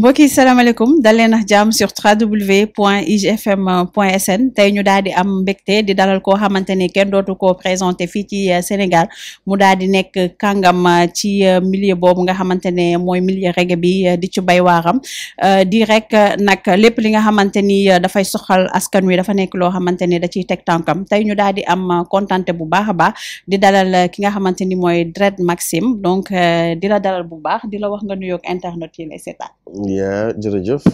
Mbokki salam salaamaaleykum dal leen sur www.igfm.sn tay ñu daldi am mbekté di dalal ko xamanteni ni kenn dootu koo présenté ci euh, Sénégal mu daldi di kangam euh, ci euh, milieu bobu nga xamanteni moy milieu reggae bi di ci bay waaram di rek nak lepp li nga xamanteni da fay soxal askan wi dafa nekk loo xamante ni da ci tek tankam tay ñu daldi am contenté bu baax ba di dalal ki nga xamanteni moy Dread Maxime donc di la dalal bu baax di la wax nga ak internet yi lay yaa jërëjëf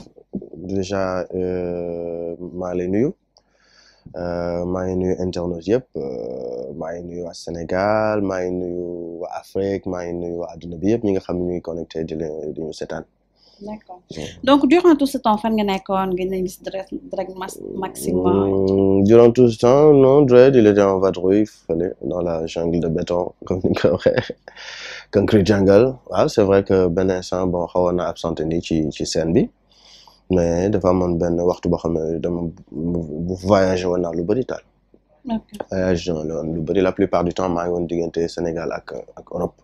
déjà euh, maa lay nuyu euh, maa ngi nuyu internet yëpp euh, maa ngi nuyu waa Sénégal maa ngi nuyu waa Afrique maa ngi nuyu waa adduna bi yëpp ñi nga xam ne ñu ngi connecté di leen di ñu seetaan D'accord. donc durant tout ce temps fan nga nekkoon nga ñu drague Drake maximum mm, durant tout ce temps non Drake il était en vadrouille dans la jungle de béton comme ni concrete jungle Ah, c'est vrai que Ben instant bon xawoon na absenté chez ci ci scène bi mais devant mon Ben waxtu boo xam dama voyagé dans le lu bëri taal. voyagé woon lu la plupart du temps je suis woon au Sénégal ak ak Europe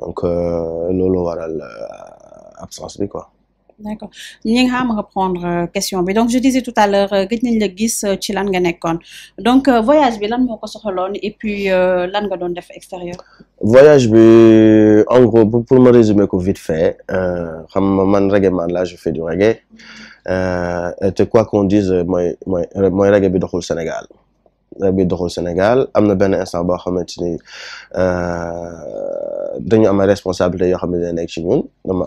donc euh, loolu waral. Euh, absence bi quoi. d'accord ñi nga xam reprendre euh, question bi donc je disais tout à l'heure euh, gëj nañ la gis euh, ci lan nga nekkoon donc voyage bi lan moko ko et puis lan nga doon def extérieur. voyage bi en gros pour me résumer ko vite fait xam euh, man reggae man la je fais du reggae euh, et quoi qu'on dise mooy mooy mooy reggae bi doxul Sénégal. Euh, biy doxul Sénégal am na instant boo xamante ni euh, dañu am responsabilité yoo xam ne nekk ci ñun dama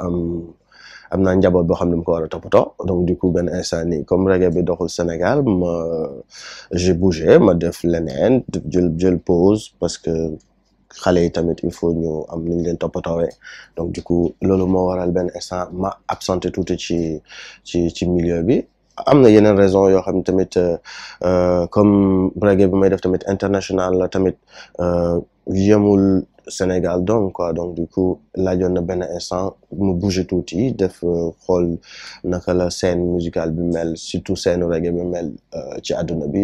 am xam ko donc du coup benn instant nii comme reggae bi doxul Sénégal ma j'ai bougé ma def leneen pause parce que xale yi tamit il faut ñu am donc du coup loolu moo waral benn instant ma absenté tout ci ci ci milieu am na raison euh, euh, comme bi may def tamit international la tamit euh, Sénégal donc quoi donc du coup laajoon bouger def xool naka la scène musicale bi mel surtout scène reggae bi mel ci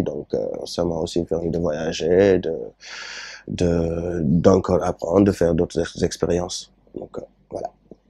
donc ça m'a aussi permis de voyager de de d'encore apprendre de faire d'autres expériences donc voilà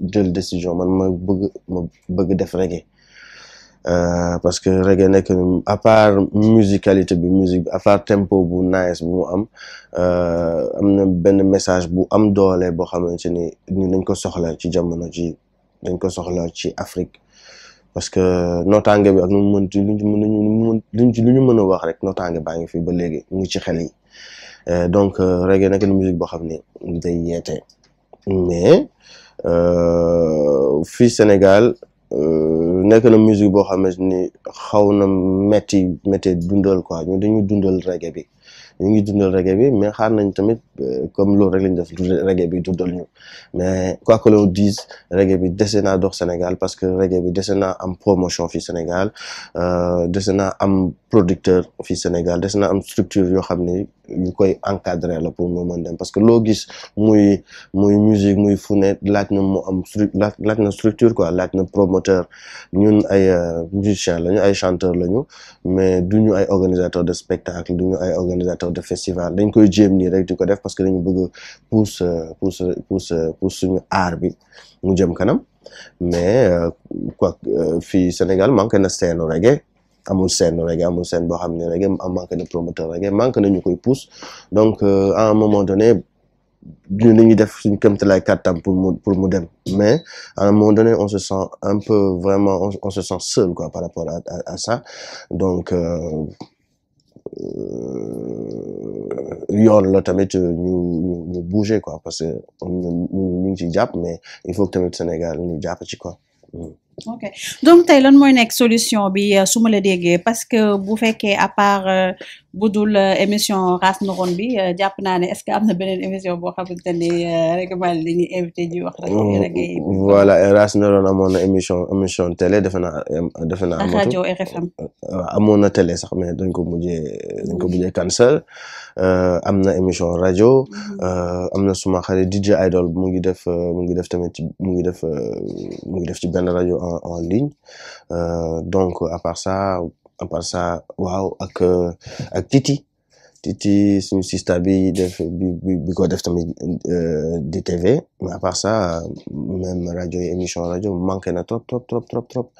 jël décision man ma bëgg ma bëgg def reggae euh, parce que reggae nekk à part musicalité bi musique à part tempo bu nice bu mu am euh, am na benn message bu am doole boo xamante ni ñu dañ ko soxla ci jamono ji dañ ko soxla ci Afrique parce que nootaange bi ak nu mu mënti lu ñu mën lu ñu lu ñu mën a wax rek nootaange baa ngi fi ba léegi mu ngi ci xel yi euh, donc reggae nekk na musique boo xam ne day yeete mais Euh, fii Sénégal euh, nekk na musique boo xamante ni xaw na metti metti dundal quoi ñu dañu dundal reggae bi ñu ngi dundal reggae bi mais xaar nañ tamit euh, comme loolu rek lañ def reggae bi dundal ñu mais quoi que l'on dise bi dese naa dox Sénégal parce que reggae bi dese naa am promotion fii Sénégal dese naa am producteur fii Sénégal des na am structure yoo xam ni yu koy encadrer la pour mu mën dem parce que loo gis muy muy musique muy fu laaj na mu am laaj na structure quoi laaj na promoteur ñun ay euh, musiciens lañu ay chanteurs lañu mais duñu ay organisateurs de spectacle ñu ay organisateurs de festival dañ koy jéem nii rek di ko def parce que dañu bëgg pousse euh, pousse pousse pousse suñu art bi mu jëm kanam mais euh, quoi fii Sénégal manqué na scène reggae amul scène reggae amul scène boo xam ne reggae am manque de promoteur reggae manque na ñu koy pousse donc euh, à un moment donné ñu ni ñuy def suñ kéemtalaay kàttan pour mu pour mu dem mais à un moment donné on se sent un peu vraiment on, on se sent seul quoi par rapport à à, à ça donc euh, euh yoon la tamit euh, ñu ñu ñu bouger quoi parce que ñu ñu ngi ci jàpp mais il faut que tamit Sénégal ñu jàpp ci quoi. Hmm ok donc tey lan solution bi euh, su ma parce que vous faites à part euh, budul euh, émission race Noron bi euh, jàpp naa ne est-ce que am na beneen émission boo xamante ne euh, rek maa ngi leen invité di wax rek. Oh, voilà race Noron amoon na émission émission télé defe naa defe naa. amatu rajo RFM. waaw amoon na télé sax mais dañ ko mujjee dañ ko mujjee cancel am na émission radio mhm. am na suma xarit DJ Idol mu ngi def mu ngi def tamit ci mu ngi def mu ngi def ci benn radio en en ligne donc à part ça à part ça waaw ak ak Titi Titi suñu sista bi bi bi bi de TV. tamit euh, DTV mais à part ça même radio émission radio manque na trop trop trop trop trop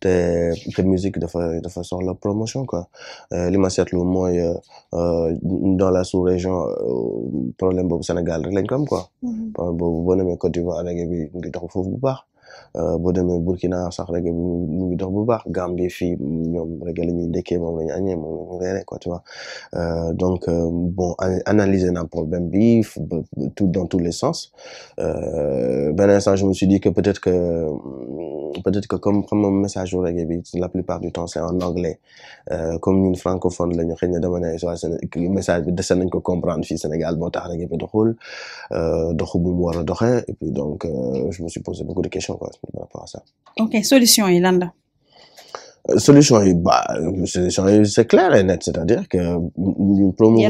te de musique dafa dafa la promotion quoi euh, li ma seetlu euh, dans la sous-région euh, problème boobu Sénégal rek lañ ko am quoi. Mm-hmm. bon boobu boo demee Côte d'Ivoire rajo bi ngi dox foofu bu baax. Euh, boo demee Burkina sax reggae bi mu ngi dox bu baax Gambie fi ñom reggae lañu ñuy mom lañu agné mom ñu quoi tu vois euh, donc euh, bon analyser un problème bi tout dans tous les sens ben instant je me suis dit que peut-être que hmm, peut-être que comme comme message yu reggae bi la plupart du temps c'est en anglais comme une francophone lañu ñu xëy na dama ne soit message bi dese nañ ko comprendre fi Sénégal moo tax reggae bi doxul doxu bu mu war a et puis donc je me suis posé beaucoup de questions Ok, solution yi euh, solution yi bah, c'est clair et net c'est-à-dire que français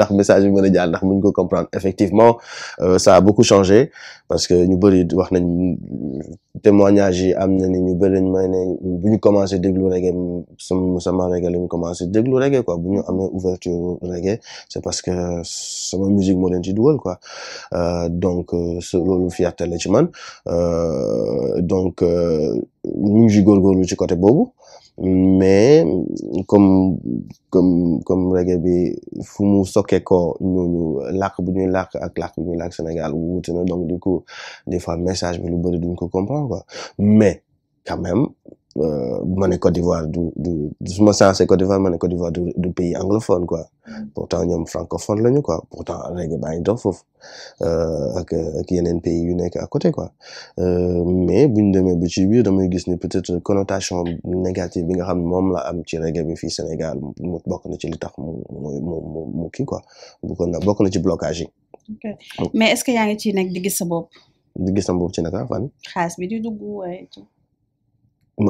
ah, message effectivement euh, ça a beaucoup changé parce que nous témoignage yi am na ni ñu bëri ñu ne bu ñu commencé déglu reggae sama sama reggae la ñu commencé déglu reggae quoi bu ñu amee ouverture reggae c'est parce que sama musique moo leen ci dugal quoi euh, donc euh, loolu fierté la ci man euh, donc ñu ngi góorgóorlu ci côté boobu. mais comme comme comme reggae bi fu mu sokkee ko ñooñu làkk bu ñuy làkk ak làkk bu ñuy làkk Sénégal wuute na donc du coup des fois message bi lu bëri duñ ko comprendre quoi mais quand Euh, ma ne Côte d'Ivoire du du su ma sensé Côte d'Ivoire ma Côte d'Ivoire du du pays anglophone quoi mm. pourtant ñoom francophone lañu quoi pourtant reggae baa ngi dox euh, ak ak un pays yu à côté quoi euh, mais bu de mes ba ci de mes gis ni peut-être connotation négative bi nga xam ne moom la am ci reggae bi fils Sénégal mu bokk na ci li tax mu mu mu mu quoi bu ko na bokk na ci blocage mais est-ce que yaa ngi ciy nekk di gis sa bopp. di gis sa bopp ci naka fan. xaalis bi di dugg euh,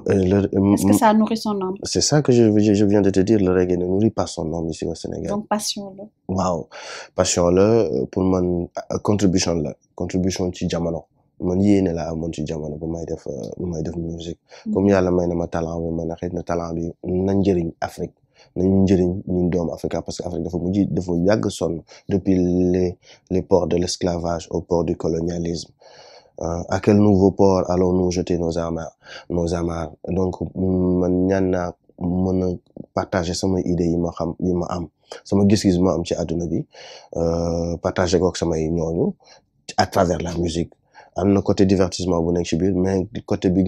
euh, Est-ce que ça a nourri son âme C'est ça que je, viens de te dire, le reggae ne nourrit pas son âme ici au Sénégal. Donc, passion-le. Waouh Passion-le, euh, pour mon contribution-le, contribution ci jamono. Mon yéene laa mon ci jamono pour may def ba may def musique mm. comme yàlla may na ma talent le même talent bi na njëriñ Afrique nañu njëriñ Afrique parce que Afrique dafa mujj dafa yàgg sonn depuis les les ports de l'esclavage au ports du colonialisme euh, à quel nouveau port allons-nous jeter nos amarres nos amarres donc man ñaan partager sama idée yi ma xam yi ma am sama gis-gis ma am ci aduna bi euh, partager ko ak sama ñooñu à travers la musique amna côté divertissement bu nek mais côté bi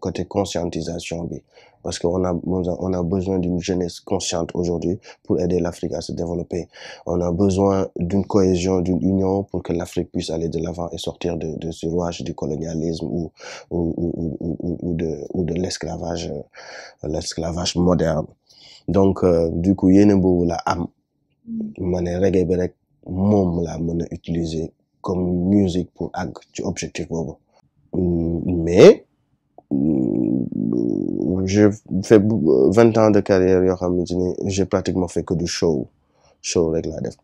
côté conscientisation bi parce que on a on a besoin d'une jeunesse consciente aujourd'hui pour aider l'Afrique à se développer on a besoin d'une cohésion d'une union pour que l'Afrique puisse aller de l'avant et sortir de ce rouage du colonialisme ou ou ou ou de ou de l'esclavage l'esclavage moderne donc euh, du coup yene y la am mané mm. manière bi utiliser comme musique pour àgg ci objectif boobu mm, mais mm, j'ai fait vingt ans de carrière yoo xamante ni j'ai pratiquement fait que du show show rek laa def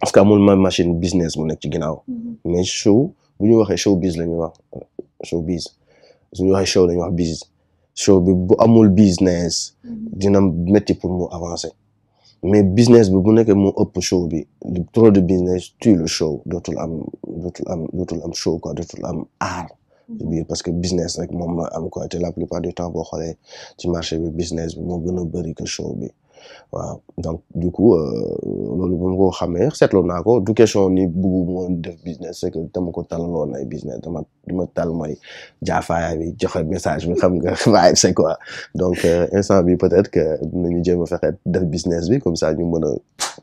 parce que amul ma machine business mu nekk ci ginnaaw mm-hmm. mais show bu ñu waxee show biz la ñuy wax show su ñu waxee show la wax biz show bi bu amul business mm-hmm. dina métti pour mu avancer mais business bi bu nekkee moo ëpp show bi trop de business tue le show dootul am dootul am dootul am show quoi am art biir parce que business rek moom mooy am quoi la plupart du temps boo xoolee ci marché bi business bi moo gën a bëri que show bi waaw donc du coup euh, loolu moom ko xamee seetlu naa ko du question ni buggu moon def business c'est dama ko talaloon ay business dama dima tal mooy jaafaaya bi joxe message bi xam nga vibe c'est quoi donc euh, instant bi peut-être que nañu jéem a fexe def business bi comme ça ñu mën a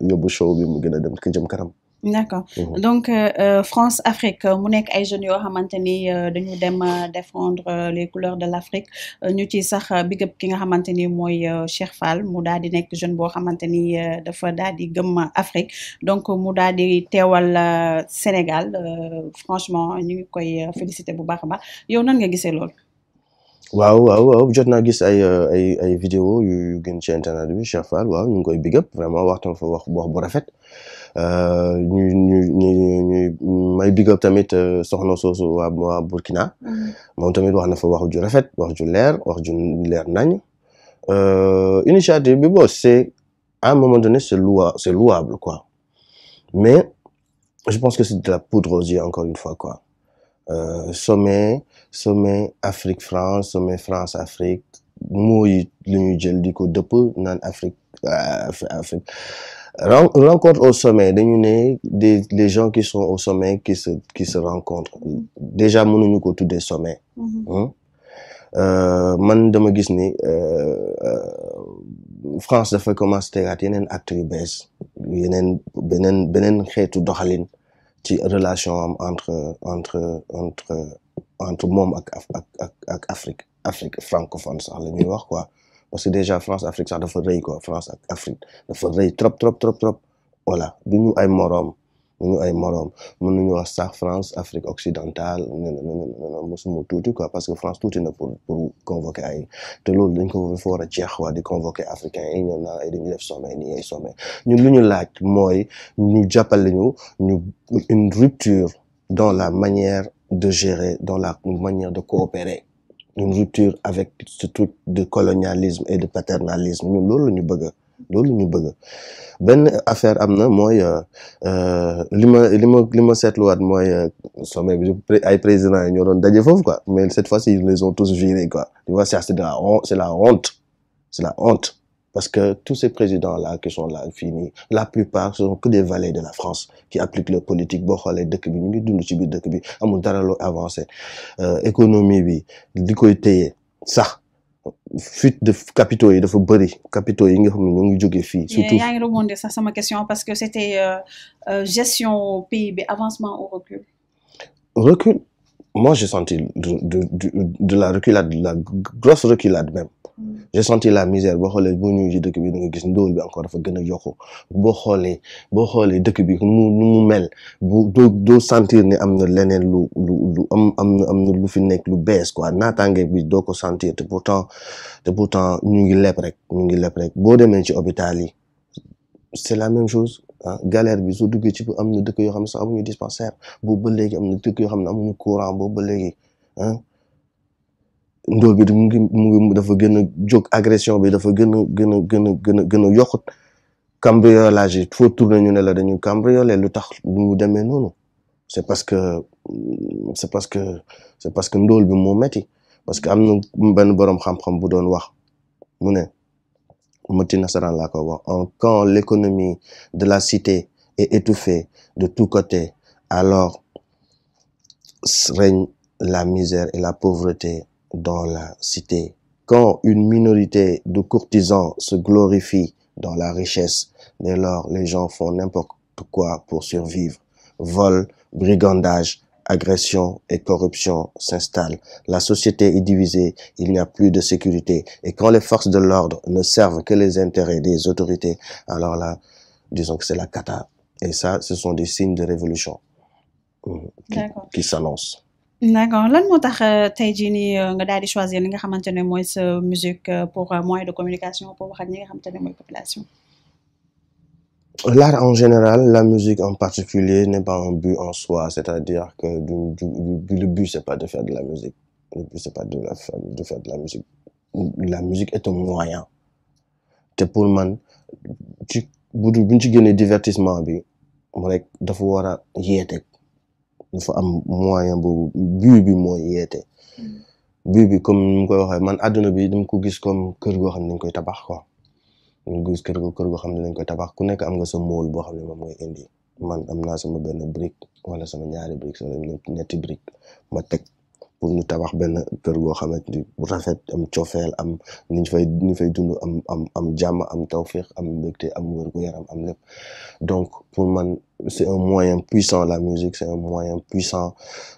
yóbbu show bi mu gën a dem jëm kanam d'accord mmh donc euh, euh, France-Afrique mu nekk ay jeunes yoo xamante ni euh, dañu dem défendre les couleurs de l'Afrique ñu ci sax big up ki nga xamante ni Cheikh Fall mu daal di nekk jeune boo xamante ni dafa daal di Afrique donc mu daal di Sénégal franchement ñu ngi koy féliciter bu baax a baax yow nan nga gisee loolu. waaw waaw waaw jot naa gis ay ay ay vidéo yu gën ci internet bi Cheikh Fall waaw ñu ngi koy big up vraiment waxtaan fa wax wax bu rafet. Euh, may big up tamit euh, soxna soosu Burkina mm-hmm. moom tamit wax na fa wax ju rafet wax ju leer wax ju leer nañ euh, initiative bi bon à un moment donné c'est louable quoi mais je pense que c'est de la poudre aux yeux encore une fois quoi sommet sommet Afrique France sommet France Afrique Moi, li ñuy jël di ko dëpp Afrique rencontre au sommet dañu des les gens qui sont au sommet qui se qui se rencontrent déjà mënuñu ko des sommets. Mhm. Hein? Euh, man dama gis ni euh, euh, France dafa commencé baisse, yeneen acteurs yu bees benen benen beneen xeetu doxalin ci relation entre entre entre entre mom ak ak ak Afrique Afrique francophone sax la ñuy wax quoi parce que déjà France Afrique Ça faire rien. quoi France Afrique trop trop trop trop voilà nous, nous, ay Nous nous, ay nous France Afrique occidentale Nous nous, tous, parce que France tout est pour pour convoquer ay te loolu dañ nous, Nous nous, nous, nous convoquer africain nous, nous, nous, nous, nous, nous, nous, nous, nous, une rupture dans la manière de gérer dans la manière de coopérer. une rupture avec ce truc de colonialisme et de paternalisme ñun loolu la ñu bëgg loolu ñu bëgg benn affaire am na mooy euh, euh, li ma li ma li ma seetluwaat mooy euh, sommet bi ay présidents yi ñoo doon daje foofu quoi mais cette fois-ci les ont tous virés la honte c'est la honte c'est la honte Parce que tous ces présidents-là qui sont là, finis, la plupart sont que des valets de la France qui appliquent leur politique. Bon, les deux cabines, nous, nous, deux à mon avancé. Euh, économie, oui, du côté, ça. fuite de capitaux il dafa bëri capitaux yi nga xam ne ñoo ngi y a surtout yaa ngi rebondir sax sama question parce que c'était euh, euh, gestion pays avancement ou recul. recul. moi j'ai senti de de, de de la reculade de la grosse reculade même mm. j'ai senti la misère boo xoolee boo ñëwee ci dëkk bi da gis ndóol bi encore dafa gën a yokku boo xoolee boo xoolee dëkk bi mu mel bu doo sentir ni am na leneen lu lu lu am am na lu fi nekk lu bees quoi naataange bi doo ko sentir te pourtant te pourtant ñu ngi leb rek ñu ngi leb rek boo demee ci hôpital yi c'est la même chose ah galère bi soo duggee ci am na dëkk yo xam ne sax amuñu dispensaire boobu ba légui am na dëkk yoo xam amuñu courant bo ba légui hein ndol bi mu ngi mu ngi dafa gëna a agression bi dafa gëna gëna gëna gëna gëna a cambriolage yi tourner ñu né la dañu cambrioler lu tax mu demee noonu c'est parce que c'est parce que c'est parce que ndol bi mo metti parce que am ben borom xam-xam bu doon wax mu né quand l'économie de la cité est étouffée de tous côtés alors règne la misère et la pauvreté dans la cité quand une minorité de courtisans se glorifie dans la richesse dès lors les gens font n'importe quoi pour survivre vol brigandage agression et corruption s'installent. La société est divisée, il n'y a plus de sécurité. Et quand les forces de l'ordre ne servent que les intérêts des autorités, alors là, disons que c'est la cata. Et ça, ce sont des signes de révolution euh, qui, qui s'annoncent. D'accord. Lan le tax euh, tay jii euh, nga daal choisir nga mooy musique pour moyen de communication pour wax nga population. L'art en général, la musique en particulier, n'est pas un but en soi. C'est-à-dire que le but, c'est pas de faire de la musique. Le but, c'est pas de, faire de la musique. La musique est un moyen. c'est pour man tu du buñ ci divertissement bi dois rek dafa war Il faut un moyen pour but bi mooy yeete mm. but bi comme ni man adonobi, bi dama ko gis comme kër goo xam ñu gis kër gu kër goo xam ne dañ koy tabax ku nekk am nga sa mool boo xam ne moom ngay indi man am naa sama benn brique wala sama ñaari brique wala ñetti brique ma teg pour donc pour moi, c'est un moyen puissant la musique c'est un moyen puissant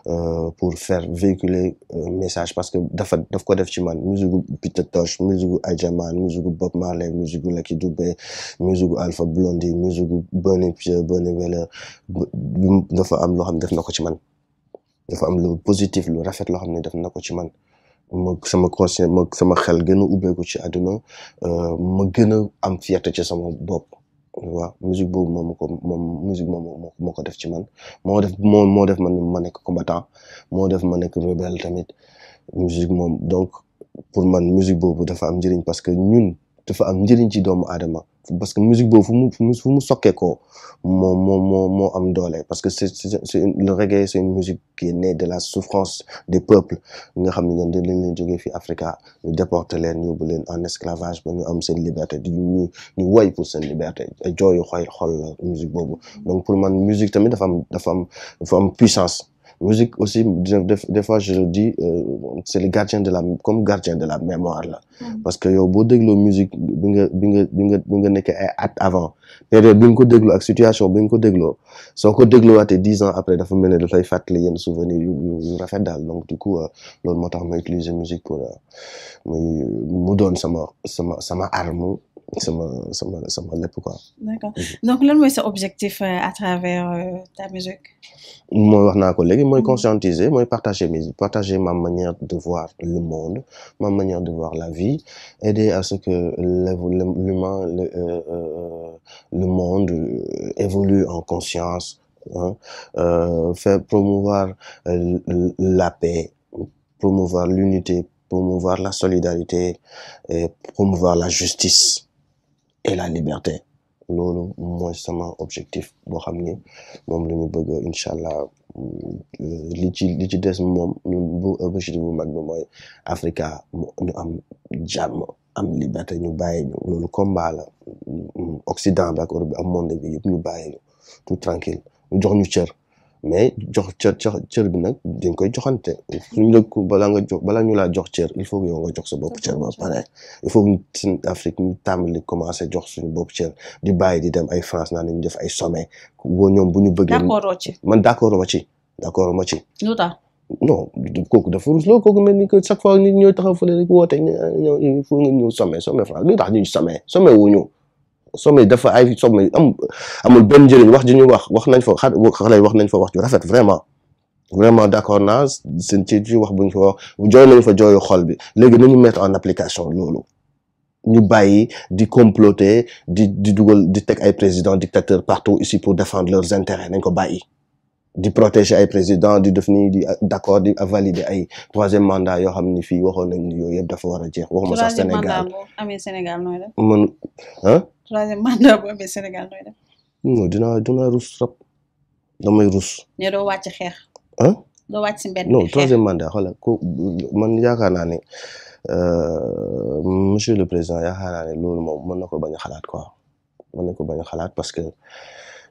euh, pour faire véhiculer euh, message parce que dafa daf ko def man musique Peter Tosh musique Aja musique Bob Marley musique Lucky Dubé musique Alpha Blondy musique Bonnie Pierre Bonne am xam def man dafa am lu positif lu rafet loo xam ne def na ko ci man ma sama conscience ma sama xel gën a ubbeeku ci àdduna euh, ma gën a am fierté ci sama bopp waaw musique boobu moom ko moom musique moom moo ko def ci man moo def moo moo def man ma nekk combattant moo def ma nekk rebelle tamit musique moom donc pour man musique boobu dafa am njëriñ parce que ñun dafa am njëriñ ci doomu aadama parce que musique boobu fu mu fu mu sokkeekoo moo moo moo moo am doole parce que c'est c'est le reggae c'est une musique qui est de la souffrance des peuples nga xam ne ñoom dañ leen leen jógee fii Africa ñu déporté leen yóbbu leen en esclavage ba ñu am seen liberté di ñu ñu woy pour seen liberté jooyu xoy xol la boobu donc pour man musique tamit dafa am dafa am dafa am puissance musique aussi des fois je le dis euh, c'est le gardien de la comme gardien de la mémoire là mm. parce que bout de dégloo musique bi nga bi nga bi nga bi avant période bi nga ko déglu ak situation bi nga ko dégloo soo ko dégluwaatee dix ans après dafa mel ne dafay fàttali yenn souvenir yu yu rafet daal donc du coup euh, loolu moo tax ma utiliser musique pour euh, muy mu doon sama sama sama arme sama sama sama lépp quoi. d'accord mm-hmm. donc lan mooy sa objectif euh, à travers ta musique. mooy wax naa ko léegi mooy mm-hmm. conscientiser mooy partager mes partager ma manière de voir le monde ma manière de voir la vie aider à ce que l'humain le monde euh, évolue en conscience, hein, euh, faire promouvoir euh, la paix, promouvoir l'unité, promouvoir la solidarité, et promouvoir la justice et la liberté. lolu mon sama objectif Je xam mom moom ñu bëgg inshallah li ci li ci des mom bu objectif bu mag Africa am am liberté ñu bàyyi ñu loolu combat la Occident bi ak bi am monde yëpp ñu bàyyi ñu tout tranquille ñu jox ñu cër mais jox cër cër bi nag dañ koy joxante suñu la balaa nga jox balaa ñu laa jox cër il faut que yow nga jox sa bopp cër ba pare il faut que suñ Afrique ñu li commencé jox suñu bopp cer di bàyyi di dem ay France naan nañu def ay sommet woo ñoom bu ñu bëggee. d'accord ci man d'accord ma ci d'accord ma ci. non kooku dafa rus loolu kooku mel ni que chaque fois nit ñooy taxaw fële rek woote ah, ñoom foo nga some sommet sommet Fra lu tax ñu sommet sommet wu ñu sommet dafa ay sommet am amul benn njëriñ wax ji ñu wax wax nañ fa xale wax nañ fa wax ju rafet vraiment vraiment d'accord naa seen ci ci wax bu ñu fa wax jooy nañ fa jooy xol bi léegi nañu mettre en application loolu ñu bàyyi di comploter di di dugal di teg ay président dictateur partout ici pour défendre leurs intérêts nañ ko bàyyi di protéger ay président du devenir nii di euh, d'accord di valider ay troisième mandat yo xamni fi fii nañ ni yooyu yëpp dafa wara jeex. waxuma sax Sénégal hein? troisième mandat boo amee Sénégal noy def. man ah. troisième mandat boo amee Sénégal noy def. non dina dinaa rus rab damay rus. ne doo wàcc xeex. ah doo wàcc si mbedd. non troisième mandat xoolal ko man yaakaar naa euh monsieur le président yaakaar naa ne loolu moom mën na ko bañ xalaat quoi man nako baña bañ xalaat parce que.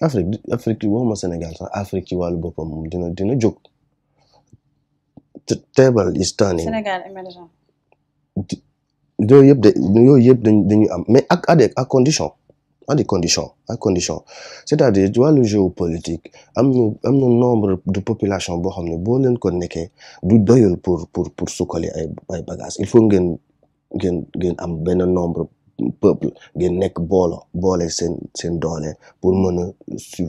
Afrique Afrique waxuma Sénégal sax Afrique ci wàllu boppam dina dina jóg table is turning Sénégal émergent yooyu yëpp de yooyu yëpp dañ dañu am mais ak à des à condition à des conditions à condition c'est-à-dire wàllu géopolitique am na am na nombre de population boo xam ne boo leen ko nekkee du doyul pour pour pour sukkali ay ay bagages il faut ngeen ngeen ngeen am benn nombre peuple ngeen nekk boolo boole seen seen doole pour mën a su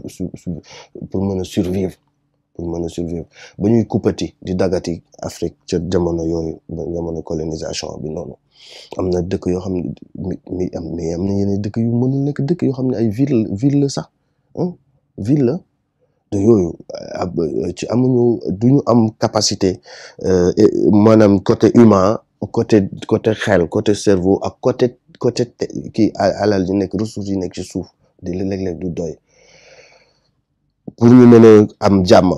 pour mën a survivre pour mën a survivre ba ñuy kuppati di dagati Afrique ca jamono yooyu jamono colonisation bi noonu am na dëkk yoo xam ne mi am mais na yeneen dëkk yu mënul nekk dëkk yoo xam ne ay ville ville la sax ville la te yooyu ci amuñu duñu am capacité euh, maanaam côté humain côté côté xel côté cerveau ak côté côté kii alal ji nekk ressources yi nekk ci suuf di léeg-léeg du doy pour ñu mën am jàmm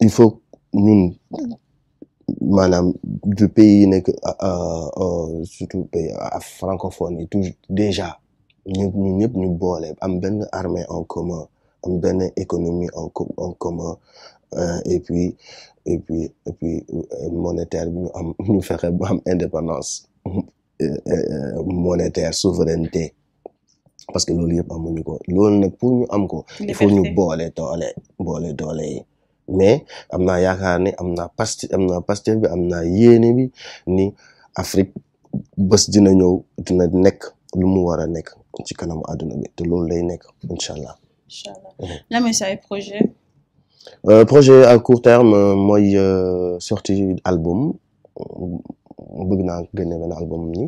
il faut ñu maanaam du pays yi nekk euh, euh, surtout pays euh, francophone yi toujours déjà ñu ñu ñëpp ñu boole am benn armée en commun am benn économie en en Euh, et puis et puis et puis euh, monétaire bi ñu am ñu fexe bu am indépendance euh, monétaire souveraineté parce que loolu yëpp amuñu ko loolu nak pour ñu am ko il faut ñu bolé tolé bolé dolé mais amna naa yaakaar ne amna naa pasti pasteur bi amna naa yéene bi ni Afrique bés dina ñëw dina nekk lu mu war a nekk ci kanamu àdduna bi te loolu lay nekk inshallah inshallah incha allah lan mooy mhm. say projet. Euh, projet à court terme euh, mooy euh, sortie album bëgg naa génne benn album ni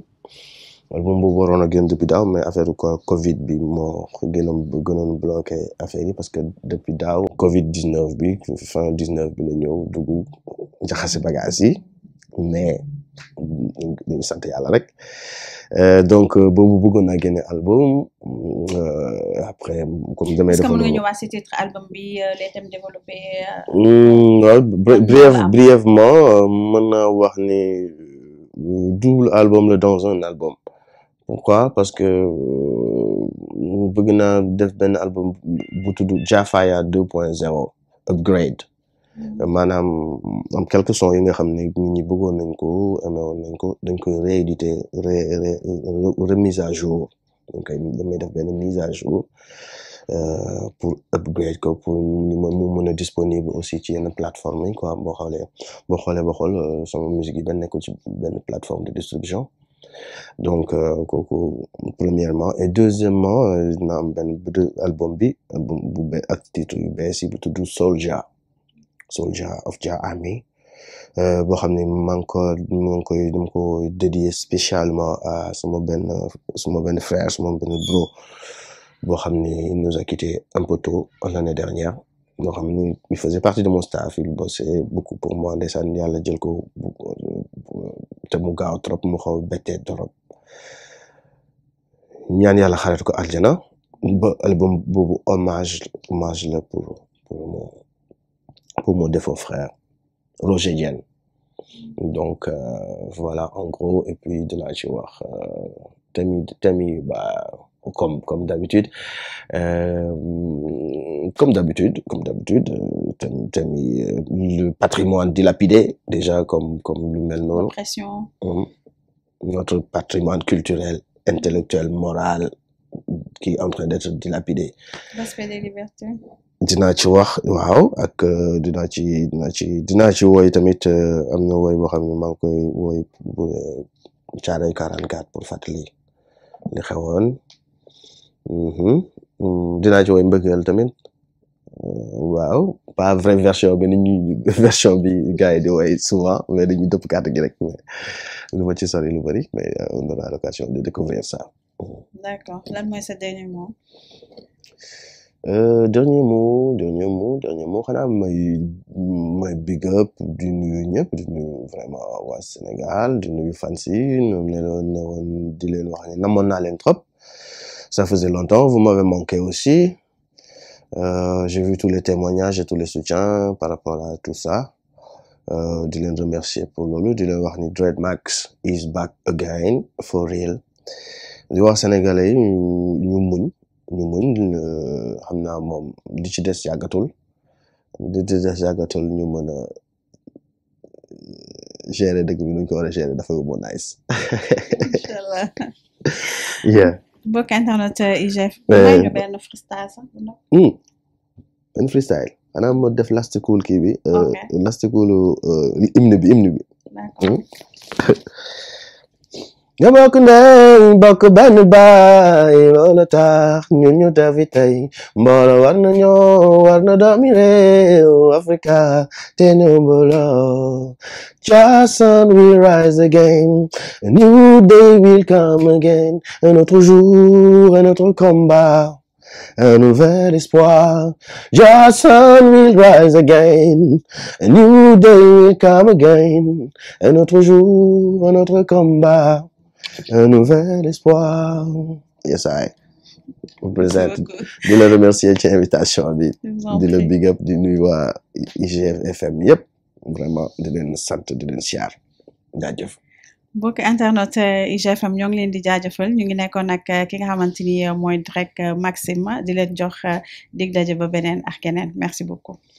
album boobu waroon a génn depuis daaw mais affaire ko Covid bi moo gënoon gënoon bloqué affaire yi parce que depuis daaw Covid 19 bi fin 19 bi la ñëw duggu jaxase bagage yi. mais dañu santé à rek euh, donc euh, boobu bëggoon naa un album euh, après comme damay. defoon est-ce que va nga ñëwaat ce titre album bi les thèmes développés. Non, mm, bref brièvement mën naa wax ni double album dans un album. pourquoi parce que on naa def un album bu Jafaya 2.0 upgrade maanaam am quelques sons yi nga xam ne nit ñi bëggoon nañ ko amé woon nañ ko dañ koy rééditer ré ré remise à jour dañ koy damay def benn mise à jour euh, pour upgrade ko pour mu mën a disponible aussi ci yenn plateforme yi quoi boo xoolee boo xoolee ba xool euh, sama musique yi benn nekkul ci benn plateforme de distribution donc euh, kooku premièrement et deuxièmement dina am benn album bi album bu ak titre yu bees yi bu tudd Soulja soldier of Jah Army euh, bo xamni ne ko maa koy ko dédié spécialement à sama ben sama ben frère sama ben bro bo xamni il nous a quitté un peu tôt l'année dernière bo xamni il faisait partie de mon staff il bossait beaucoup pour moi ndeysaan yalla jël ko te mu gaaw trop mu xaw bettee trop ñaan yalla xarit ko aljana ba album bobu hommage hommage la pour pour moi pour mon défunt frère, Roger Donc, euh, voilà, en gros, et puis de la joie. vois, euh, bah, comme, euh, comme d'habitude, comme d'habitude, comme euh, d'habitude, le patrimoine dilapidé, déjà, comme, comme le même nom. Hum. Notre patrimoine culturel, intellectuel, moral, qui est en train d'être dilapidé. L'aspect des libertés. dinaa ci wax waaw ak euh, dinaa ci dinaa dinaa ci woy tamit euh, am na woy boo xam ne maa ngi koy woy euh, caaray 44 pour fàttali li xewoon mhm. mm, dinaa ci woy mbëggeel tamit waaw pas vrai version bi ni ñuy bi gars yi di woy souvent mais dañuy dëpp carte gi rek mais lu ma ci sori lu bëri mais de découvrir sa Euh, dernier mot, dernier mot, dernier mot, xanaa may big up du nuyu ñëpp vraiment au Sénégal je nuyu fans yi ñoom di leen wax ne namon na leen trop ça faisait longtemps vous m'avez manqué aussi euh, j'ai vu tous les témoignages et tous les soutiens par rapport à tout ça euh, di leen remercier pour nous. di leen wax ni Dreadmax is back again for real di wax sénégalais yi ñu muñ ñu muñ xam naa moom di ci des yàggatul di ci des yàggatul ñu mën a gérer dëgg bi nuñ ko war a gérer dafa yóbbu nice. incha allah. yeah. mbokk internet IGF. may ñu benn freestyle sax. benn freestyle. xanaa ma def lastikool kii bi. ok lastikoolu hymne bi hymne bi. d'accord. Ben Africa Jason will rise again a new day will come again un autre jour un autre combat un nouvel espoir. Jason will rise again. A new day will come again. Un autre jour, un autre combat un nouvel espoir. Yes, I. vous présente je le remercier de invitation de le big up du nouveau IGF FM Yep, vraiment de leen sant de leen siyaar jaajëf mbokk internet IGFM ñong ngi leen di jaajëfal ñu ngi nekkoon ak eh, ki nga xamante ni eh, mooy Drek eh, Maxime di leen jox dig daje ba beneen ak keneen merci beaucoup